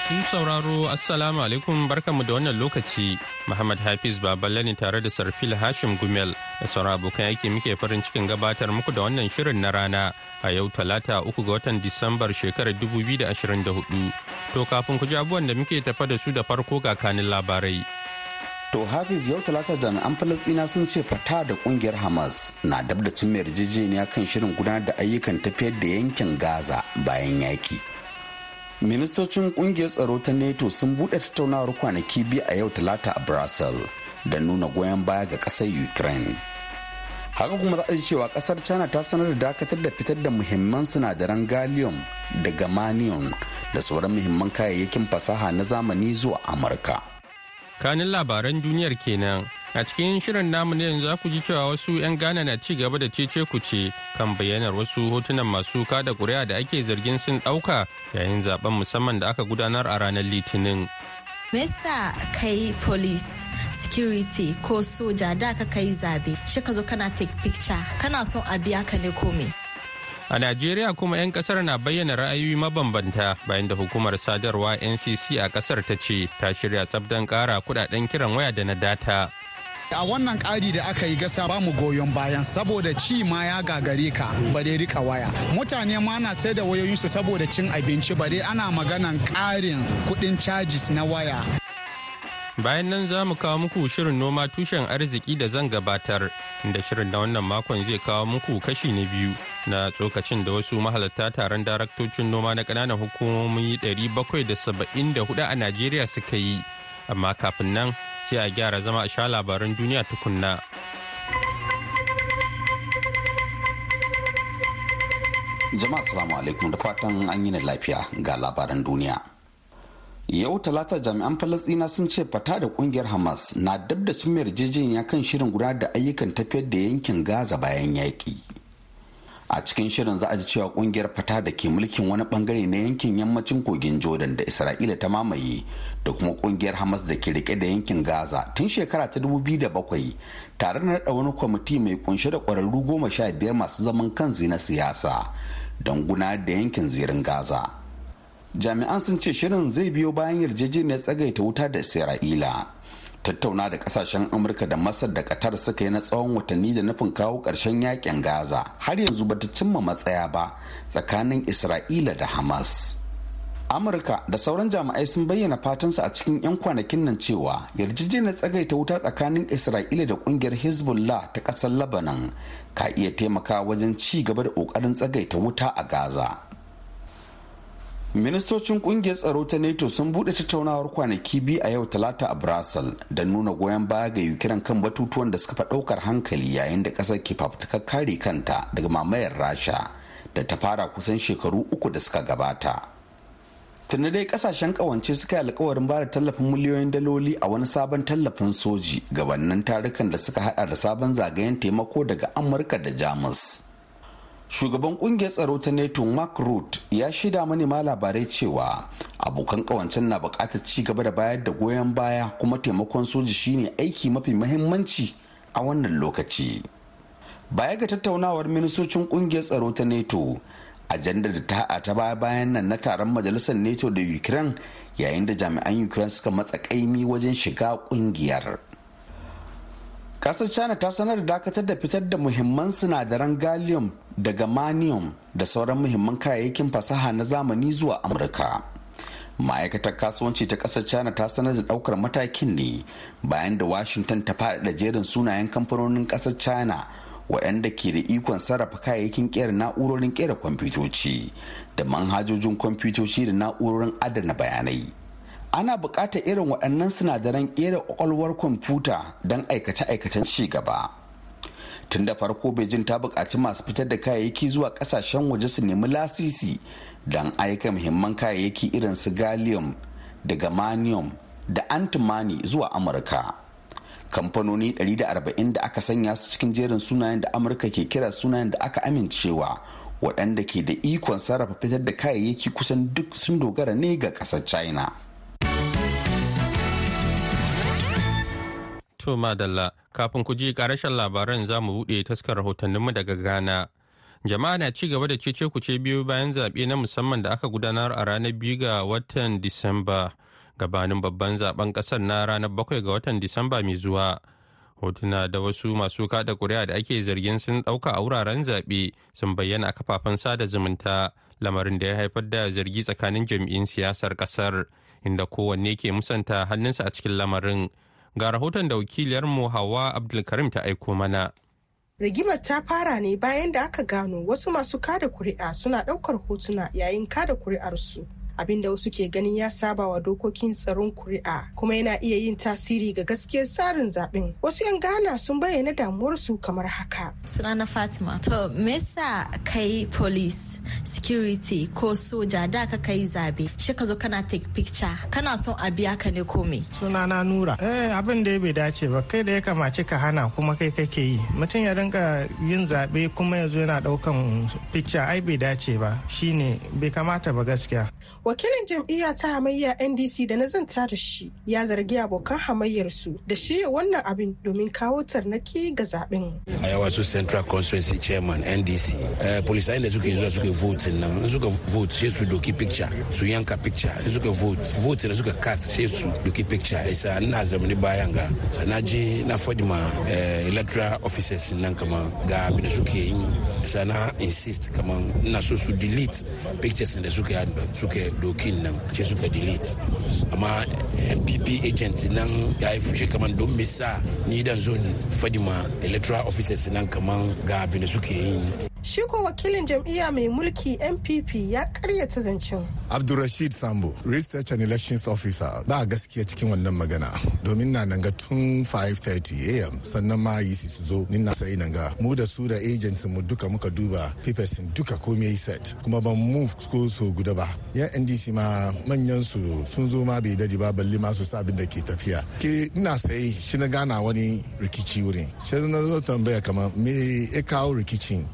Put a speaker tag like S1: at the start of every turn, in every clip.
S1: Masu sauraro Assalamu alaikum barkanmu da wannan lokaci. Muhammad Hafiz Baballe ne tare da Sarfil Hashim Gumel da sauran abokan aiki muke farin cikin gabatar muku da wannan shirin na rana a yau talata uku ga watan Disambar shekarar 2024. To kafin ku ji abubuwan da muke tafa da su da farko ga kanin labarai. To
S2: Hafiz yau talata jami'an Falastina sun ce fata da kungiyar Hamas na dab da cin yarjejeniya kan shirin gudanar da ayyukan tafiyar da yankin Gaza bayan yaki. ministocin kungiyar tsaro ta nato sun buɗe tattaunawar kwanaki biyu a yau talata a brasil da nuna goyon baya ga ƙasar ukraine haka kuma za a ji cewa kasar china ta sanar da dakatar da fitar da muhimman sinadaran gallium da gamanium da sauran muhimman kayayyakin fasaha na zamani zuwa amurka
S1: kanin labaran duniyar kenan a cikin shirin namu na yanzu ku ji cewa wasu 'yan gana na ci gaba da cece ku ce kan bayyanar wasu hotunan masu kada kuri'a da ake zargin sun ɗauka yayin zaben musamman da aka gudanar a ranar litinin
S3: me yasa kai police security ko soja da aka kai zabe shi ka zo kana take picture kana son a biya ka ne komai.
S1: A Najeriya kuma 'yan kasar na bayyana ra'ayoyi mabambanta bayan da hukumar sadarwa NCC a kasar ta ce ta shirya tsabdan kara kudaden kiran waya da na data.
S2: a wannan ƙari da aka yi gasa ba mu goyon bayan saboda ci ma ya gagare ka ba dai rika waya mutane ma na sai da wayoyinsu saboda cin abinci ba dai ana maganan ƙarin kuɗin cajis na waya
S1: Bayan nan za mu kawo muku shirin noma tushen arziki da zan gabatar, da shirin na wannan makon zai kawo muku kashi na biyu na tsokacin da wasu mahalarta taron daraktocin noma na ƙananan hukumomi 774 a Najeriya suka yi. Amma kafin nan sai a gyara zama a sha labaran duniya tukunna.
S2: Jama'a salamu alaikum da fatan an yi lafiya ga labaran duniya. yau talata jami'an falastina sun ce fata da kungiyar hamas na dab da cin yarjejeniya kan shirin gudanar da ayyukan tafiyar da yankin gaza bayan yaƙi a cikin shirin za a ji cewa kungiyar fata da ke mulkin wani bangare na yankin yammacin kogin jordan da isra'ila ta mamaye da kuma kungiyar hamas da ke rike da yankin gaza tun shekara ta dubu biyu da bakwai, tare da naɗa wani kwamiti mai kunshe da kwararru goma sha biyar masu zaman kansu na siyasa don gudanar da yankin zirin gaza jami'an sun ce shirin zai biyo bayan yarjejeniyar tsagaita wuta da isra'ila tattauna da kasashen amurka da masar da qatar suka yi na tsawon watanni da nufin kawo ƙarshen yakin gaza har yanzu bata cimma matsaya ba tsakanin isra'ila da hamas amurka da sauran jami'ai sun bayyana fatan su a cikin 'yan kwanakin nan cewa yarjejeniyar tsagaita wuta tsakanin isra'ila da kungiyar hezbollah ta kasar labanan ka iya taimakawa wajen ci gaba da kokarin tsagaita wuta a gaza ministocin kungiyar tsaro ta nato sun bude tattaunawar kwanaki biyu a yau talata a brasil don nuna goyon baya ga yukiran kan batutuwan da suka fi daukar hankali yayin da kasar ke fafutuka kare kanta daga mamayar rasha da ta fara kusan shekaru uku da suka gabata tuni dai kasashen kawance suka yi alkawarin bada tallafin miliyoyin daloli a wani sabon tallafin soji gabanin tarukan da suka hada da sabon zagayen taimako daga amurka da jamus shugaban kungiyar tsaro ta nato mark root ya shaida manema labarai cewa abokan kawancin na bukatar ci gaba da bayar da goyon baya kuma taimakon soji shine aiki mafi mahimmanci a wannan lokaci baya ga tattaunawar ministocin kungiyar tsaro ta neto ajandar da ta haɗa ta baya bayan nan na taron majalisar neto da ukraine yayin da jami'an ukraine suka matsa kaimi wajen shiga kungiyar kasar china ta sanar da dakatar da fitar da muhimman sinadaran gallium daga germanium da sauran muhimman kayayyakin fasaha na zamani zuwa amurka ma'aikatar kasuwanci ta kasar china ta sanar da daukar matakin ne bayan da washington ta faɗaɗa jerin sunayen kamfanonin kasar china waɗanda ke da ikon sarrafa kayayyakin kera na'urorin kera kwamfutoci da manhajojin kwamfutoci da na'urorin adana bayanai ana buƙatar irin waɗannan sinadaran ƙera ƙwaƙwalwar kwamfuta don aikace-aikacen ci gaba tun da farko beijing ta buƙaci masu fitar da kayayyaki zuwa ƙasashen waje su nemi lasisi don aika muhimman kayayyaki irin su gallium da germanium da antimani zuwa amurka kamfanoni 140 da aka sanya su cikin jerin sunayen da amurka ke kira sunayen da aka amincewa waɗanda ke da ikon sarrafa fitar da kayayyaki kusan duk sun dogara ne ga ƙasar china
S1: To madalla kafin ku ji karashen labaran za mu buɗe taskar rahotanninmu daga Ghana. Jama'a na ci gaba da cece ku ce biyu bayan zaɓe na musamman da aka gudanar a ranar biyu ga watan Disamba gabanin babban zaben ƙasar na ranar bakwai ga watan Disamba mai zuwa. hotuna da wasu masu kada ƙuri'a da ake zargin sun ɗauka a wuraren zaɓe sun bayyana a kafafen sada zumunta lamarin da ya haifar da zargi tsakanin jam'in siyasar ƙasar inda kowanne ke musanta hannunsa a cikin lamarin ga rahoton da wakiliyarmu hawa abdulkarim ta aiko mana
S3: rigimar ta fara ne bayan da aka gano wasu masu kada kuri'a suna daukar hotuna yayin kada kuri'arsu abinda wasu ke ganin ya saba wa dokokin tsaron kuri'a kuma yana iya yin tasiri ga gaskiyar tsarin zaben wasu 'yan ghana sun bayyana damuwarsu kamar haka sunana fatima to me yasa kai police security ko soja da ka kai zabe shi ka zo kana take picture kana son a biya ka ne kome sunana nura eh abin da bai dace ba kai da ya kamace ka hana kuma kai kake yi mutum ya rinka yin zabe kuma ya yana daukan picture ai bai dace ba shine bai kamata ba gaskiya wakilin jam'iyya ta hamayya ndc da na zanta da shi ya zargi abokan hamayyar su da shirya wannan abin domin kawo tarnaki ga zaben
S4: a yawa su central constituency chairman ndc eh, polisayen da suke zuwa suke vote nan su suka vote sai su doki picture su yanka picture in suka vote vote da suka cast sai su doki picture isa na zamani bayan ga sanaji na fadima eh, electoral offices nan kama ga abin da suke yi sana insist kaman ina so su delete pictures da suka suka dokin nan ce suka delete amma npp agent nan ya yi e fushe kaman don me sa ni dan zo fadima electoral officers nan kaman ga abin da suke yi
S3: Shi ko wakilin jam'iyya mai mulki NPP ya karyata zancen.
S5: Abdulrashid Sambo, Research and Elections Officer, ba gaskiya cikin wannan magana. Domin na nanga tun 5:30 a.m. sannan ma yi su zo ni na sai nanga mu da su da agents mu duka muka duba papers duka komai yi set kuma ban move ko so guda ba. ya NDC ma manyan su sun zo ma bai dadi ba balle ma su sa abin da ke tafiya. Ke ina sai shi na gana wani rikici wurin. Shi na zo tambaya kamar me ya kawo rikicin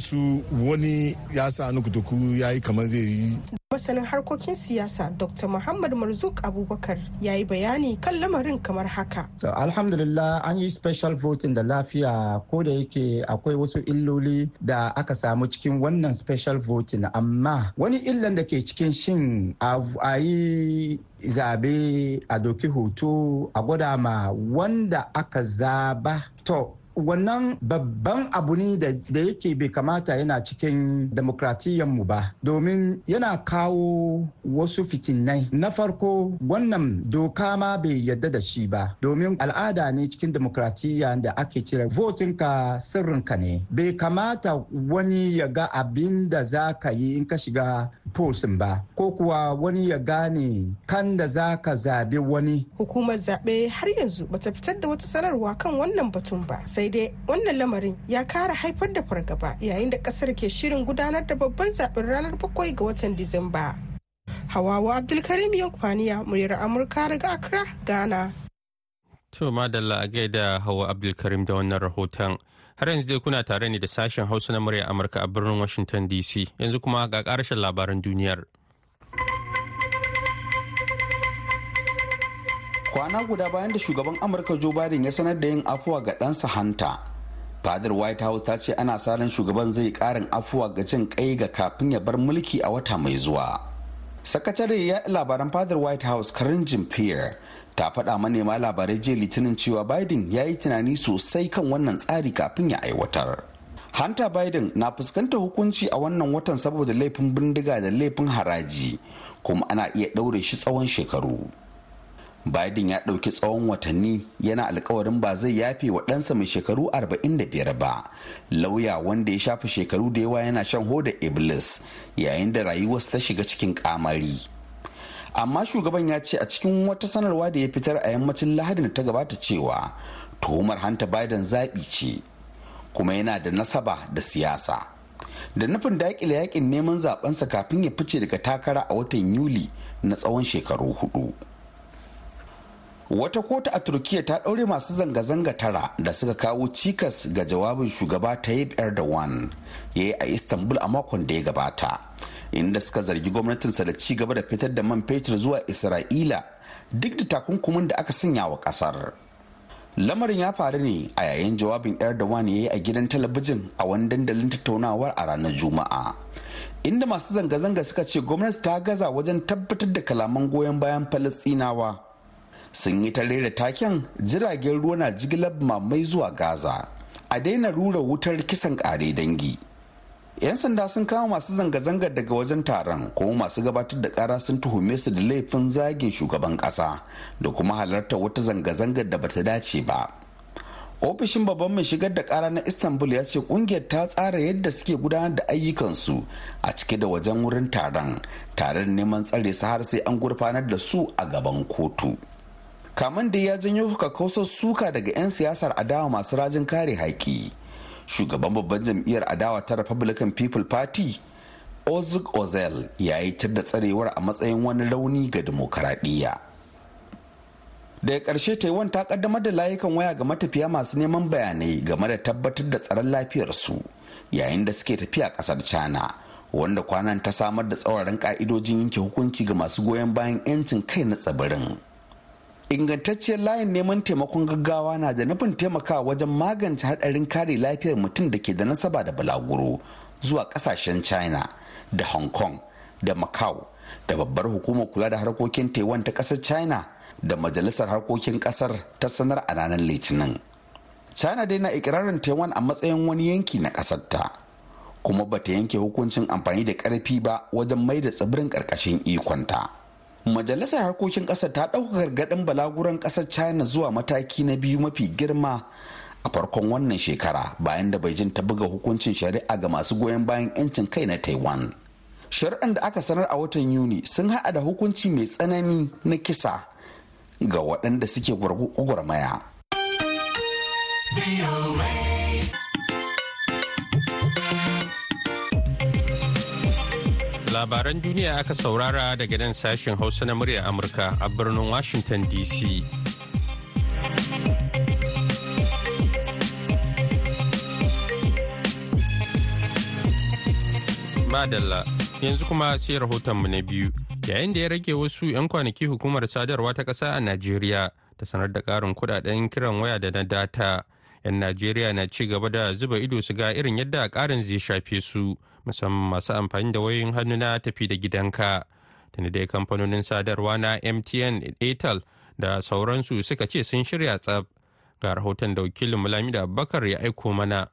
S5: su wani ya sa nukutuku ya yi kamar zai yi.
S3: Masanin harkokin siyasa Dr. Muhammad Marzuk Abubakar ya yi bayani kan lamarin kamar haka.
S5: So, alhamdulillah
S2: an yi special voting da lafiya ko da yake akwai wasu illoli da aka samu cikin wannan special voting amma wani illan da ke cikin shin a yi zabe a doki hoto a gwada ma wanda aka zaba to wannan babban abu ne da yake bai kamata yana cikin mu ba domin yana kawo wasu fitinai na farko wannan doka ma bai yadda da shi ba domin al'ada ne cikin demokratiya da ake cire votinka sirrinka ne bai kamata wani ya ga abin da za ka yi in ka shiga ba ko kuwa wani ya
S3: gane kan da za ka zabe wani hukumar zaɓe har yanzu bata fitar da wata sanarwa kan wannan batun ba sai dai wannan lamarin ya kara haifar da fargaba yayin da ƙasar ke shirin gudanar da babban zaɓen ranar bakwai ga watan disamba hawawa abdulkarim yankwaniya muryar amurka daga accra ghana
S1: to madalla a gaida hawa abdulkarim da wannan rahoton har yanzu dai kuna tare ne da sashen hausa na murya amurka a birnin washington dc yanzu kuma ga karshen labaran duniyar
S2: kwana guda bayan da shugaban amurka joe biden ya sanar da yin afuwa ga ɗansa hanta fadar white house ta ce ana sa shugaban zai karin afuwa ga jin kai ga kafin ya bar mulki a wata mai zuwa sakatare ya labaran fadar white house karin jim ta faɗa manema labarai jiya litinin cewa biden ya yi tunani sosai kan wannan tsari kafin ya aiwatar hunter biden na fuskantar hukunci a wannan watan saboda laifin bindiga da laifin haraji kuma ana iya ɗaure shi tsawon shekaru biden ya ɗauki tsawon watanni yana alkawarin ba zai yafe wa ɗansa mai shekaru 45 ba lauya wanda ya shafa shekaru da yawa yana shan hoda iblis yayin da rayuwarsa ta shiga cikin kamari amma shugaban ya ce a cikin wata sanarwa da ya fitar a yammacin lahadin da ta gabata cewa tuhumar hanta biden zaɓi ce kuma yana da nasaba da siyasa da nufin daƙile yakin neman zaɓensa kafin ya fice daga takara a watan yuli na tsawon shekaru hudu wata kotu a turkiya ta ɗaure masu zanga-zanga tara da suka kawo cikas ga jawabin shugaba tayyip erdogan ya yi a istanbul a makon da ya gabata inda suka zargi gwamnatinsa da ci gaba da fitar da man fetur zuwa isra'ila duk da takunkumin da aka sanya wa kasar lamarin ya faru ne a yayin jawabin erdogan ya yi a gidan talabijin a wani dandalin tattaunawar a ranar juma'a inda masu zanga-zanga suka ce gwamnati ta gaza wajen tabbatar da kalaman goyon bayan falastinawa sun yi tare da taken jiragen ruwa na jigilar mamai zuwa gaza a daina rura wutar kisan kare dangi 'yan sanda sun kama masu zanga-zangar daga wajen taron kuma masu gabatar da kara sun tuhume su da laifin zagin shugaban kasa da kuma halarta wata zanga-zangar da bata dace ba ofishin babban mai shigar da kara na istanbul ya ce kungiyar ta tsara yadda suke gudanar da ayyukansu a cike da wajen wurin taron tare da neman tsare su har sai an gurfanar da su a gaban kotu Kamin da ya janyo kakkausar suka daga 'yan siyasar adawa masu rajin kare haƙƙi shugaban babban jam'iyyar adawa ta republican people party ozug ozel ya yi da tsarewar a matsayin wani rauni ga demokaradiyya daga ƙarshe taiwan ta kaddamar da layukan waya ga matafiya masu neman bayanai game da tabbatar da tsaron lafiyarsu yayin da suke tafiya ƙasar china wanda kwanan ta samar da tsauraran ka'idojin yanke hukunci ga masu goyon bayan 'yancin kai na tsibirin. ingantacciyar layin neman taimakon gaggawa na da nufin taimakawa wajen magance hadarin kare lafiyar mutum da ke da nasaba da balaguro zuwa kasashen china da hong kong da macau da babbar hukumar kula da harkokin taiwan ta kasar china da majalisar harkokin kasar ta sanar a ranar litinin china dai na ikirarin taiwan a matsayin wani yanki na kasarta kuma bata yanke hukuncin amfani da ƙarfi ba wajen mai da tsibirin karkashin ikonta. majalisar harkokin ƙasar ta ɗauka gargaɗin balaguran ƙasar china zuwa mataki na biyu mafi girma a farkon wannan shekara bayan da beijing ta buga hukuncin shari'a ga masu goyon bayan 'yancin kai na taiwan shari'an da aka sanar a watan yuni sun haɗa da hukunci mai tsanani na kisa ga waɗanda suke gwargwarmaya.
S1: Labaran duniya aka saurara daga nan sashen Hausa na murya Amurka a birnin Washington DC. Madalla, yanzu kuma sai rahoton mu na biyu. Yayin da ya rage wasu 'yan kwanaki hukumar sadarwa ta ƙasa a Najeriya ta sanar da ƙarin kudaden kiran waya da na data. 'Yan Najeriya na ci gaba da zuba ido su ga irin yadda ƙarin zai shafe su. musamman masu amfani da wayoyin hannu na tafi da gidanka tuni dai kamfanonin sadarwa na mtn atal da sauransu suka ce sun shirya tsab ga rahoton da wakilin mulamida abubakar ya aiko mana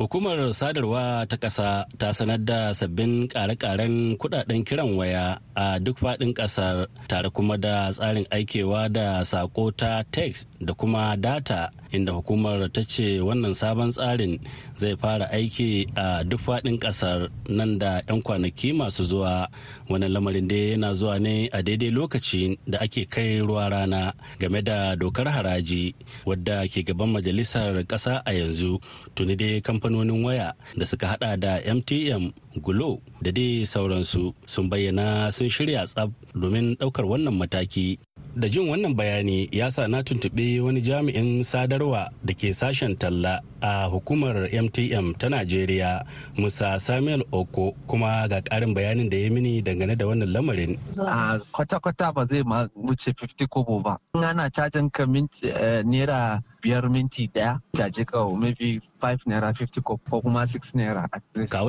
S6: Hukumar sadarwa ta ƙasa ta sanar da sabbin ƙare-ƙaren kudaden kiran waya a duk faɗin ƙasar tare kuma da tsarin aikewa da sako ta text da kuma data inda hukumar ta ce wannan sabon tsarin zai fara aiki a duk faɗin ƙasar nan da 'yan kwanaki masu zuwa wannan lamarin dai yana zuwa ne a daidai lokaci da ake kai ruwa rana game da dokar haraji wadda ke gaban majalisar ƙasa a yanzu tuni dai kamfanin kamfanonin waya da suka hada da mtm gulo da dai sauransu sun bayyana sun shirya tsab domin daukar wannan mataki da jin wannan bayani ya sa na tuntuɓi wani jami'in sadarwa da ke sashen talla a hukumar mtm ta najeriya musa samuel oko kuma ga karin bayanin da ya mini dangane da wannan lamarin a kwata-kwata ba zai wuce 50 kobo ba
S4: ana cajin ka eh, naira
S5: biyar minti daya ta kawo maybe 5 naira 50 ko kuma 6 naira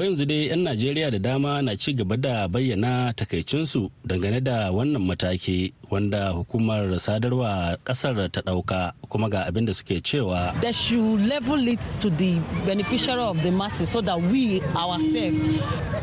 S6: yanzu dai 'yan Najeriya da dama na ci gaba da bayyana takaicinsu dangane da wannan mataki wanda hukumar sadarwa kasar ta dauka kuma ga abin da suke cewa.
S7: They should level it to the beneficiary of the masses so that we ourselves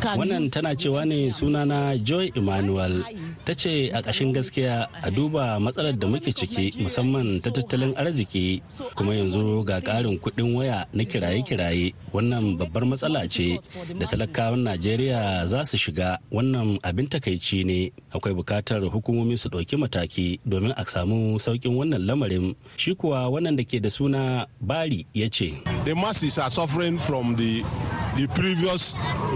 S7: can Wannan
S6: tana cewa ne sunana Joy Emmanuel. ta ce a ƙashin gaskiya a duba matsalar da muke ciki musamman ta tattalin arziki kuma yanzu ga ƙarin kuɗin waya na kiraye-kiraye wannan babbar matsala ce da talakawan najeriya za su shiga wannan abin takaici ne akwai bukatar hukumomi su ɗauki mataki domin a samu saukin wannan lamarin shi kuwa wannan da ke da suna bari ya ce the masses are suffering from the the previous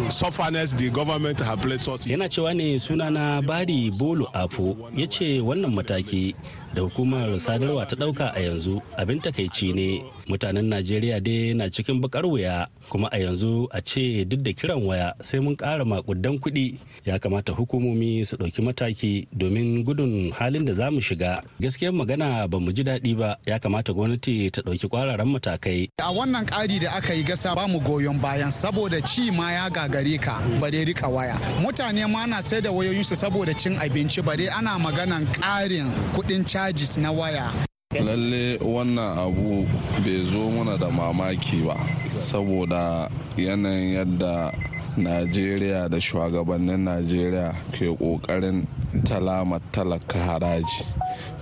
S6: sufferness the government have placed yana cewa ne suna na bari bolo afo ya ce wannan mataki da hukumar sadarwa ta ɗauka a yanzu abin ta takaici ne mutanen najeriya dai na cikin bakar wuya kuma a yanzu a ce duk da kiran waya sai mun kara makudan kuɗi ya kamata hukumomi su ɗauki mataki domin gudun halin da za mu shiga gaskiyar magana ba mu ji daɗi ba ya kamata gwamnati ta ɗauki kwararan matakai a wannan ƙari da aka yi gasa ba mu goyon bayan saboda ci ma
S2: ya gagare ka bare rika waya mutane ma na sai da wayoyinsu saboda cin abinci bare ana maganan ƙarin kuɗin cajis na waya
S5: lalle wannan abu bai zo mana da mamaki ba saboda yanayin yadda najeriya da shugabannin najeriya ke kokarin talama talaka haraji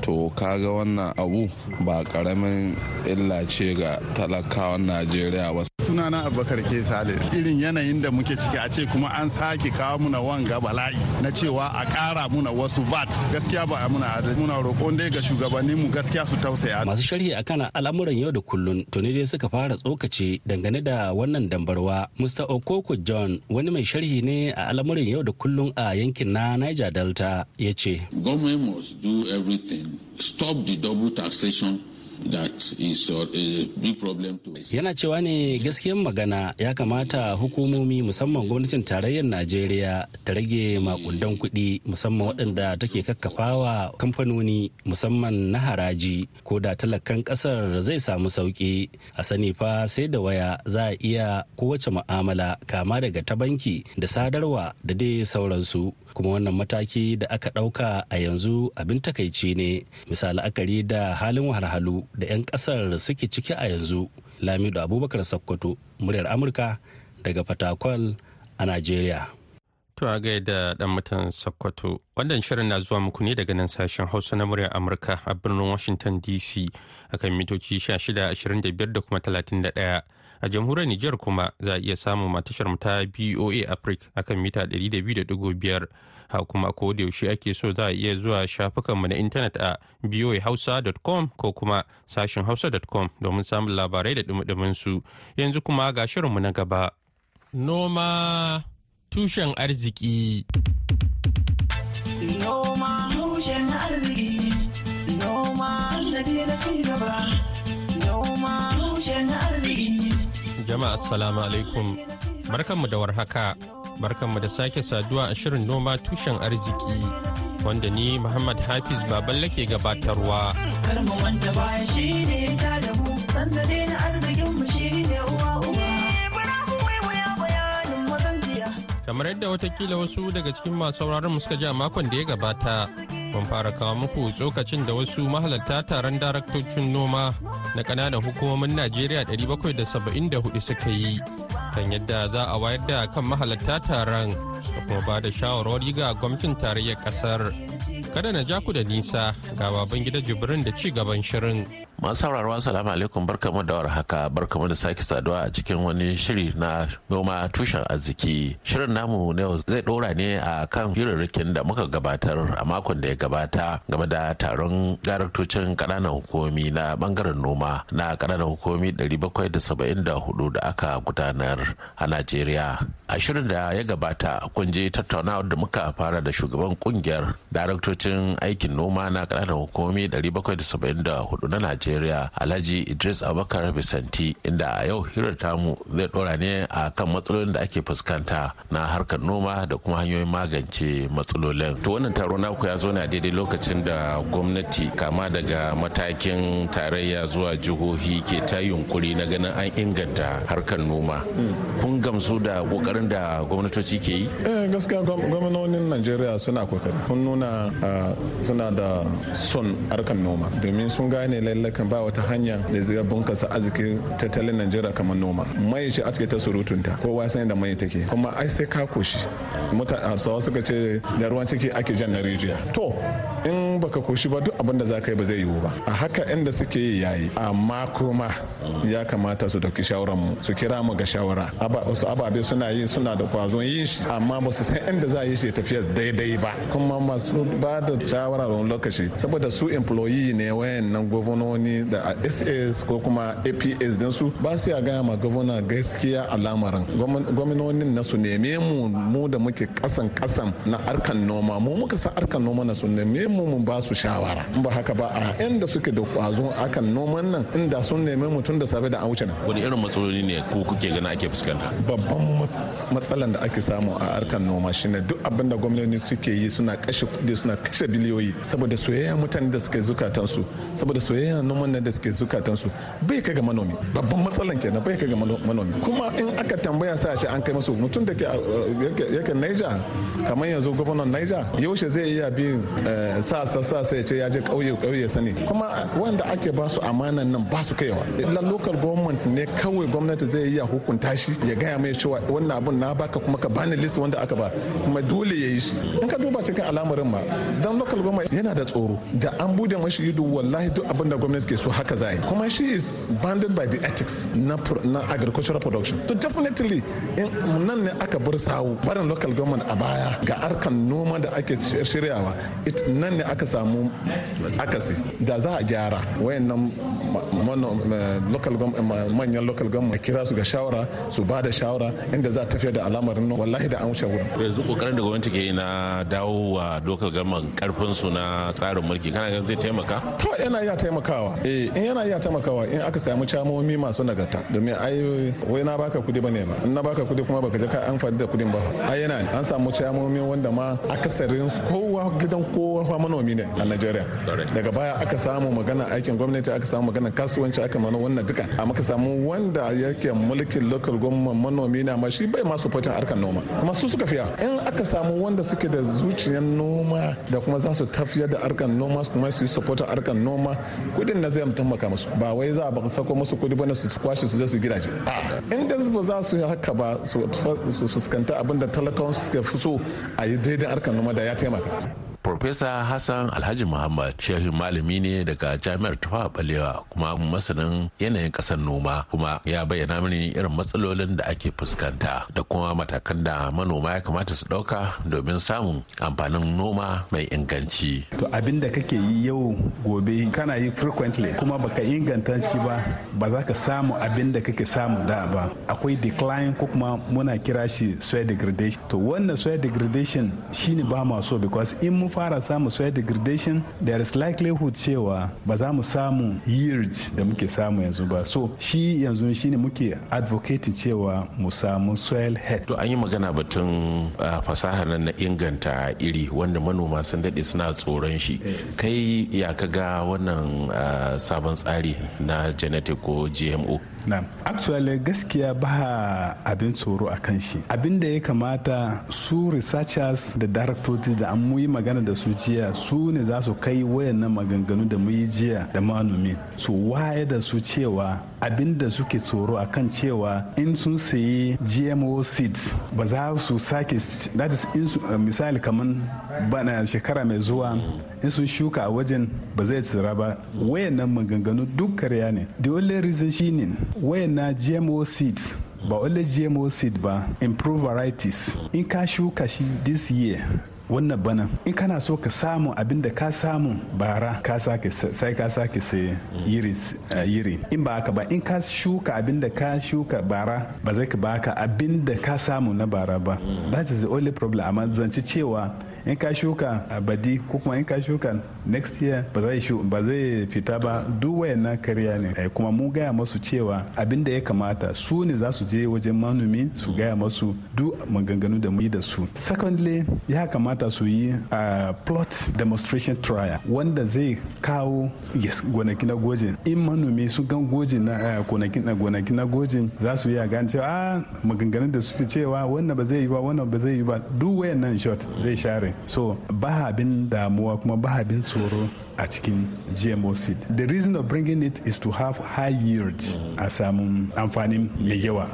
S5: to kaga wannan abu ba karamin illa ce ga talakawan najeriya ba sunana abubakar ke sale irin yanayin da
S8: muke ciki a ce kuma an sake kawo muna wanga bala'i na cewa a kara muna wasu vat gaskiya ba muna muna roƙon dai ga shugabannin mu gaskiya su tausaya masu sharhi akan al'amuran
S6: yau da kullun Tuni dai suka fara tsokace dangane da wannan dambarwa mr okoko john wani mai sharhi ne a al'amuran yau da kullum a yankin na Niger Delta ya ce.
S4: Government must do everything. Stop the double taxation Eh,
S6: Yana cewa ne gaskiyar magana ya kamata hukumomi musamman gwamnatin tarayyar Najeriya ta rage makundan kuɗi musamman waɗanda take kakkafawa kamfanoni musamman na haraji ko da talakan ƙasar zai samu sauƙi a sani fa sai da waya za a iya kowace ma'amala kama daga ta banki da sadarwa da dai sauransu. kuma wannan mataki da aka ɗauka a yanzu abin takaici ne misali akari da halin wahalhalu da 'yan ƙasar suke ciki a yanzu lamido abubakar sakkwato muryar amurka daga fatakwal a nigeria.
S1: to a da dan mutan sakkwato wannan shirin na zuwa muku ne daga nan sashen hausa na muryar amurka a birnin washington dc akan mitoci 25 da kuma 31 a jamhuriyar Nijar kuma za a iya samun matashar ta BOA Africa akan mita 200.5 ha kuma ko da yaushe ake so za a iya zuwa shafukanmu na intanet a boahausa.com ko kuma sashin hausa.com domin samun labarai da dumudumin su yanzu kuma ga shirinmu na gaba noma tushen arziki noma
S7: tushen arziki noma na ci gaba
S4: noma tushen arziki
S1: Jama'a Assalamu alaikum. Barkanmu da warhaka. Barkanmu da sake saduwa a shirin noma tushen arziki. Wanda ni Muhammad Hafiz baban lake gabatarwa.
S7: wanda da
S1: eh, kamar yadda watakila wasu daga cikin masu sauraron suka ji a makon da ya gabata mun fara kawo muku tsokacin da wasu mahalarta taron daraktocin noma na kananan hukumomin najeriya 774 suka yi kan yadda za a wayar da kan mahalarta taron da kuma ba da shawarwari ga gwamnatin tarayyar kasar kada na ja ku da nisa ga baban gida jibrin da ci gaban shirin masu sauraro assalamu
S4: alaikum barkamu da warhaka barkamu da sake saduwa a cikin wani shiri na noma tushen arziki shirin namu na yau zai dora ne a kan hirarrakin da muka gabatar a makon da ya gabata game da taron daraktocin kananan hukumi na bangaren noma na kananan hukumi 774 da aka gudanar a najeriya a shirin da ya gabata kun je tattaunawar da muka fara da shugaban kungiyar daraktocin aikin noma na kananan hukumi 774 na najeriya najeriya alhaji idris abubakar bisanti inda a yau hirar tamu zai dora ne a kan matsalolin da ake fuskanta na harkar noma da kuma hanyoyin magance matsalolin to wannan taro naku ya zo ne a daidai lokacin da gwamnati kama daga matakin tarayya zuwa jihohi ke ta yunkuri na ganin an inganta harkar noma kun gamsu da kokarin da gwamnatoci ke yi
S5: eh gaskiya gwamnonin najeriya suna kokari Kun nuna ah, suna da son harkar noma domin sun gane lallaka kan ba wata hanya da zai bunkasa arzikin tattalin najeriya kamar noma mai ce aske ta surutunta ko san da mai take kuma ai sai ka koshi mutane suka ce da ruwan ciki ake jan na rijiya to in baka koshi ba duk abin da za ka yi ba zai yiwu ba a haka inda suke yi yayi amma kuma ya kamata su dauki shawaran mu su kira mu ga shawara su ababe suna yi suna da kwazon yin shi amma ba su san inda za a yi shi tafiya daidai ba kuma masu ba da shawara wani lokaci saboda su employee ne nan gwamnoni da ss ko kuma aps din su ba su ya gaya ma gwamna gaskiya al'amarin gwamnonin nasu su neme mu mu da muke kasan kasan na arkan noma mu muka san arkan noma na su neme mu mu ba su shawara in ba haka ba a inda suke da kwazo akan noman nan inda sun nemi mutum da safe da an wuce nan
S4: wani irin matsaloli ne ko kuke gani ake fuskanta
S5: babban matsalan da ake samu a harkar noma shine duk abin da gwamnati suke yi suna kashe kudi suna kashe biliyoyi saboda soyayya mutane da suke zukatan su saboda soyayya noman da suke zukatan su bai kai ga manomi babban matsalan kenan bai kai ga manomi kuma in aka tambaya sa shi an kai musu mutum da ke yake Niger kamar yanzu gwamnatin Niger yaushe zai iya bin eh, sa sassa sai ce ya je kauye kauye sani kuma wanda ake ba su amanan nan ba su kaiwa la local government ne kawai gwamnati zai iya hukunta shi ya gaya mai cewa wannan abun na baka kuma ka bani list wanda aka ba kuma dole ya yi shi in ka duba cikin al'amarin ma dan local government yana da tsoro da an bude mashi ido wallahi duk abin da gwamnati ke so haka za yi kuma shi is banded by the ethics na, na agricultural production to definitely in nan ne aka bar sawu barin local government a baya ga arkan noma da ake shiryawa it nan ne aka samu akasi da za a gyara wayannan manyan local government kira su ga shawara su ba da shawara inda za a tafiya da al'amarin nan wallahi da an wuce wurin
S4: yanzu kokarin da gwamnati ke na dawo wa local government karfin su na tsarin mulki kana ganin zai taimaka
S5: to yana iya taimakawa eh in yana iya taimakawa in aka samu camomi masu nagarta domin ai wai na baka kudi bane ba in na baka kudi kuma baka je ka amfani da kudin ba ai yana an samu camomi wanda ma akasarin kowa gidan kowa manomi ne Sweden a Nigeria Daga baya aka samu magana aikin gwamnati aka samu magana kasuwanci aka mana wannan duka amma ka samu wanda yake mulkin local government manomi na ma shi bai ma supporting harkar noma kuma su suka fiya in aka samu wanda suke da zuciyar noma da kuma za su tafiya da harkar noma kuma su yi supporting harkar noma kudin na zai taimaka musu ba wai za a sako musu kudi bane su kwashe su je su gidaje in da ba za su yi haka ba su fuskanta abin da talakawan su suke so a yi daidai harkar noma da ya taimaka
S4: Profesa Hassan Alhaji Muhammad shehin malami ne daga Jami'ar Tufa Balewa kuma masanin yanayin ƙasar noma kuma ya bayyana mini irin matsalolin da ake fuskanta da kuma matakan da manoma ya kamata su ɗauka domin samun amfanin noma mai inganci.
S8: To abin da kake yi yau gobe kana yi frequently kuma baka inganta shi ba ba za ka samu abin da kake samu da ba akwai decline ko kuma muna kira shi soil degradation to wannan soil degradation shine ba ma so because in mun fara samu soil degradation there is likelihood cewa ba za mu samu yield da muke samu yanzu ba so shi yanzu shine muke advocating cewa mu samu soil health to an yi
S4: magana batun fasahar nan na inganta iri wanda manoma sun dade suna tsoron shi eh. kai ya ka ga wannan sabon tsari na genetic ko gmo
S8: actually gaskiya ba abin tsoro a kan shi abin da ya kamata su researchers da directors da an muyi magana da su jiya su ne za su kai wayannan maganganu da muyi jiya da manomi su waye da su cewa abinda suke tsoro akan cewa in sun sayi gmo seeds ba za su sake that is in misali kaman bana shekara mai zuwa in sun shuka a wajen ba zai tsira ba wayannan maganganu duk karya ne the only reason shine wayannan gmo seeds ba only gmo seed ba improve varieties in ka shuka shi this year wannan banan in kana so ka samu abin da ka samu bara ka sake sai ka sake sai eh, yiri in ba haka ba in ka shuka abin da ka shuka bara ba zai ka baka abin da ka samu na bara ba that is the only problem amma zanci cewa in ka shuka badi ko kuma in ka shuka next year ba zai ba zai fita ba duk wayannan kariya ne eh, kuma mu gaya masu cewa abin da ya kamata su ne za su je wajen manomi su gaya masu duk maganganu da mu yi da su secondly ya kamata kamata su yi a plot demonstration trial wanda zai kawo gonaki na gojin in manomi su gan gojin na gonaki na gojin za su yi a gan cewa a ah, maganganun da su cewa wannan ba zai yi ba wannan ba zai yi ba duk nan shot zai share so ba abin damuwa kuma ba abin tsoro a cikin gmo seed the reason of bringing it is to have high yield a samun amfani mai yawa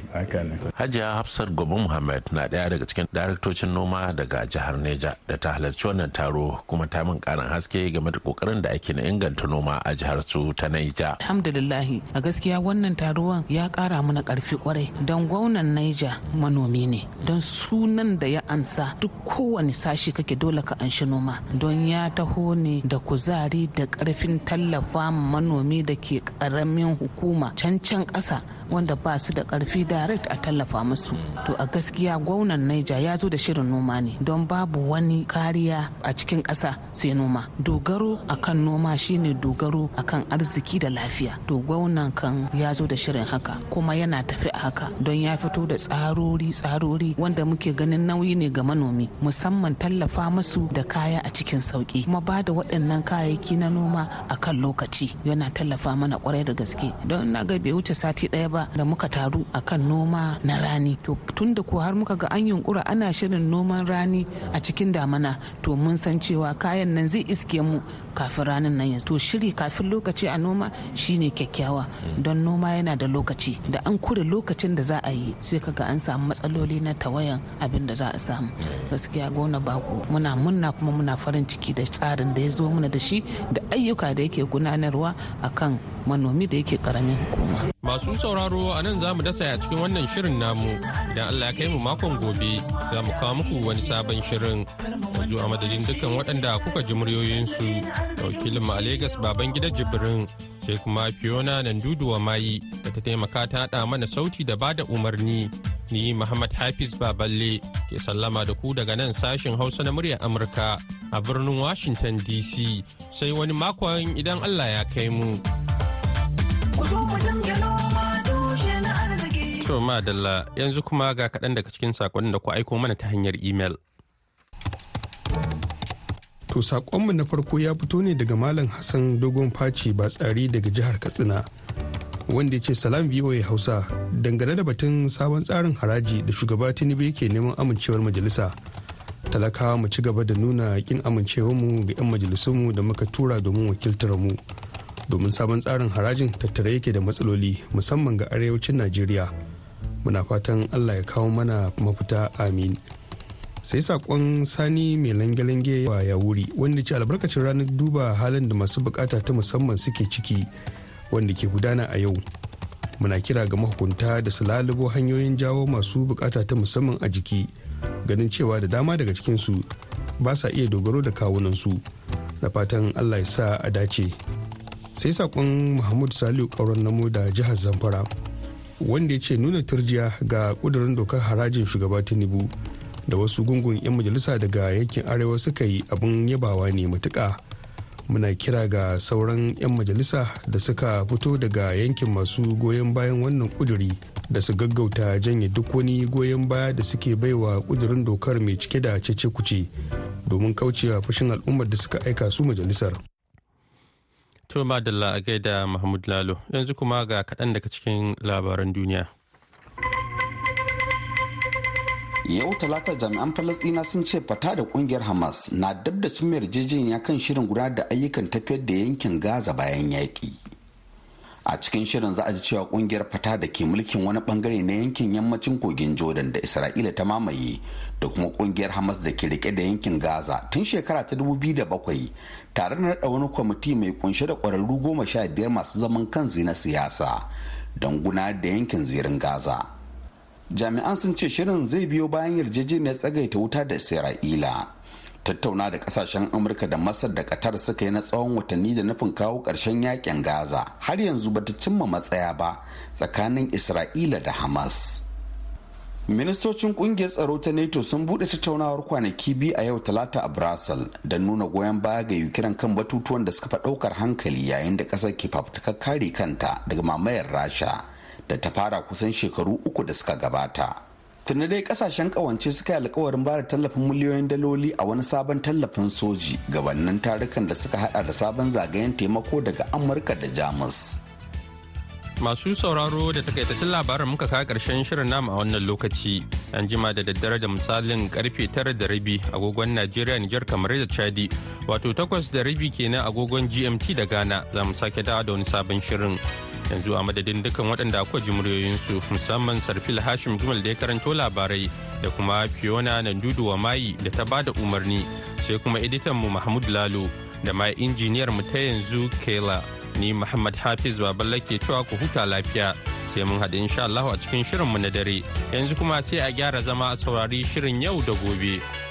S4: hajiya hafsar gobe muhammad na daya daga cikin daraktocin noma daga jihar neja da ta halarci wannan taro kuma ta min karin haske game da kokarin da ake na inganta noma a jihar su ta neja
S7: alhamdulillah a gaskiya wannan taruwan ya kara mana karfi kwarai don gwamnan neja manomi ne don sunan da ya ansa duk kowane sashi kake dole ka anshi noma don ya taho ne da kuzari ƙoƙari da ƙarfin tallafa manomi da ke ƙaramin hukuma Cancan ƙasa wanda ba su da ƙarfi direct a tallafa musu to a gaskiya gwamnan naija ya zo da shirin noma ne don babu wani kariya a cikin ƙasa sai noma dogaro akan noma shine dogaro akan arziki da lafiya to gwamnan kan ya zo da shirin haka kuma yana tafi a haka don ya fito da tsarori tsarori wanda muke ganin nauyi ne ga manomi musamman tallafa musu da kaya a cikin sauki kuma ba da waɗannan kayayyaki aiki na noma a kan lokaci yana tallafa mana kwarai da gaske don na ga bai wuce sati ɗaya ba da muka taru a kan noma na rani to tun da ko har muka ga an yunkura ana shirin noman rani a cikin damana to mun san cewa kayan nan zai iske mu kafin ranin nan yanzu to shiri kafin lokaci a noma shine kyakkyawa don noma yana da lokaci da an kure lokacin da za a yi sai kaga an samu matsaloli na tawayan abin da za a samu gaskiya gona baku muna munna kuma muna farin ciki da tsarin da ya zo mana da shi da ayyuka da yake gudanarwa akan manomi da yake karamin hukuma.
S1: Masu sauraro a nan za mu dasa a cikin wannan shirin namu da Allah ya kai mu makon gobe za mu kawo muku wani sabon shirin yanzu a madadin dukkan waɗanda kuka ji muryoyinsu wakilin a Legas baban gida Jibrin sai kuma Fiona nan duduwa mayi da ta taimaka ta haɗa mana sauti da bada umarni ni Muhammad Hafiz Baballe ke sallama da ku daga nan sashin Hausa na muryar Amurka a birnin Washington DC sai wani makon idan Allah ya kai mu. To Dalla yanzu kuma ga kaɗan daga cikin saƙonin da ku aiko mana ta hanyar imel.
S9: To saƙonmu na farko ya fito ne daga Malam Hassan Dogon Faci ba tsari daga jihar Katsina. Wanda ya ce salam ya Hausa dangane da batun sabon tsarin haraji da shugaba Tinubu yake neman amincewar majalisa. Talakawa mu ci gaba da nuna kin mu ga 'yan majalisunmu da muka tura domin wakiltar mu. domin sabon tsarin harajin tattare yake da matsaloli musamman ga arewacin najeriya muna fatan allah ya kawo mana mafita amin sai sakon sani mai langelange wa ya wuri wanda ce albarkacin ranar duba halin da masu bukata ta musamman suke ciki wanda ke gudana a yau muna kira ga mahukunta da su lalubo hanyoyin jawo masu bukata ta musamman a jiki ganin cewa da dama daga cikinsu ba sa iya dogaro da kawunansu da fatan allah ya sa a dace sai sakon mahmud saliu kauran namo da jihar zamfara wanda ya ce nuna turjiya ga ƙudurin dokar harajin shugaba tinubu da wasu gungun 'yan majalisa daga yankin arewa suka yi abin yabawa ne matuka muna kira ga sauran 'yan majalisa da suka fito daga yankin masu goyon bayan wannan kuduri da su gaggauta janye duk wani goyon baya da suke baiwa kudurin dokar mai cike da cece kuce domin kaucewa fushin al'ummar da suka aika su majalisar
S1: To da a gaida Mahmud Lalo yanzu kuma ga kaɗan daga cikin labaran duniya. Yau
S2: talata jami'an Falasɗina sun ce fata da kungiyar Hamas na dab da cin yarjejeniya kan shirin gudanar da ayyukan tafiyar da yankin Gaza bayan yaƙi. a cikin shirin za a ji cewa kungiyar fata da ke mulkin wani bangare na yankin yammacin kogin jordan da isra'ila ta mamaye da kuma kungiyar hamas da ke rike da yankin gaza tun shekara ta dubu biyu da bakwai, tare da naɗa wani kwamiti mai kunshe da ƙwararru goma sha biyar masu zaman kansu na siyasa don guna da yankin zirin gaza jami'an sun ce shirin zai biyo bayan yarjejeniyar tsagaita wuta da isra'ila tattauna da kasashen amurka da masar da qatar suka yi na tsawon watanni da nufin kawo ƙarshen yakin gaza har yanzu bata cimma matsaya ba tsakanin isra'ila da hamas ministocin kungiyar tsaro ta nato sun bude tattaunawar kwanaki biyu a yau talata a brasil da nuna goyon baya ga yukiran kan batutuwan da suka fi ɗaukar hankali yayin da ƙasar ke fafutukar kare kanta daga mamayar rasha da ta fara kusan shekaru uku da suka gabata tunda dai kasashen kawance suka yi alkawarin ba da tallafin miliyoyin daloli a wani sabon tallafin soji gabanin tarukan da suka hada da sabon zagayen taimako daga amurka da jamus
S1: masu sauraro da takaitattun labarin muka kawo karshen shirin namu a wannan lokaci an jima da daddare da misalin karfe tara da rabi agogon najeriya niger kamar da chadi wato takwas da rabi kenan agogon gmt da ghana za mu sake dawa da wani sabon shirin yanzu a madadin dukkan waɗanda kuwa ji muryoyinsu musamman sarfil hashim gumal da ya karanto labarai da kuma fiona nandudu wa mayi da ta bada umarni sai kuma editanmu mahmud lalo da ma injiniyar mu ta yanzu kela ni muhammad hafiz baballa ke cewa ku huta lafiya sai mun haɗu insha allahu a cikin shirin mu na dare yanzu kuma sai a gyara zama a saurari shirin yau da gobe.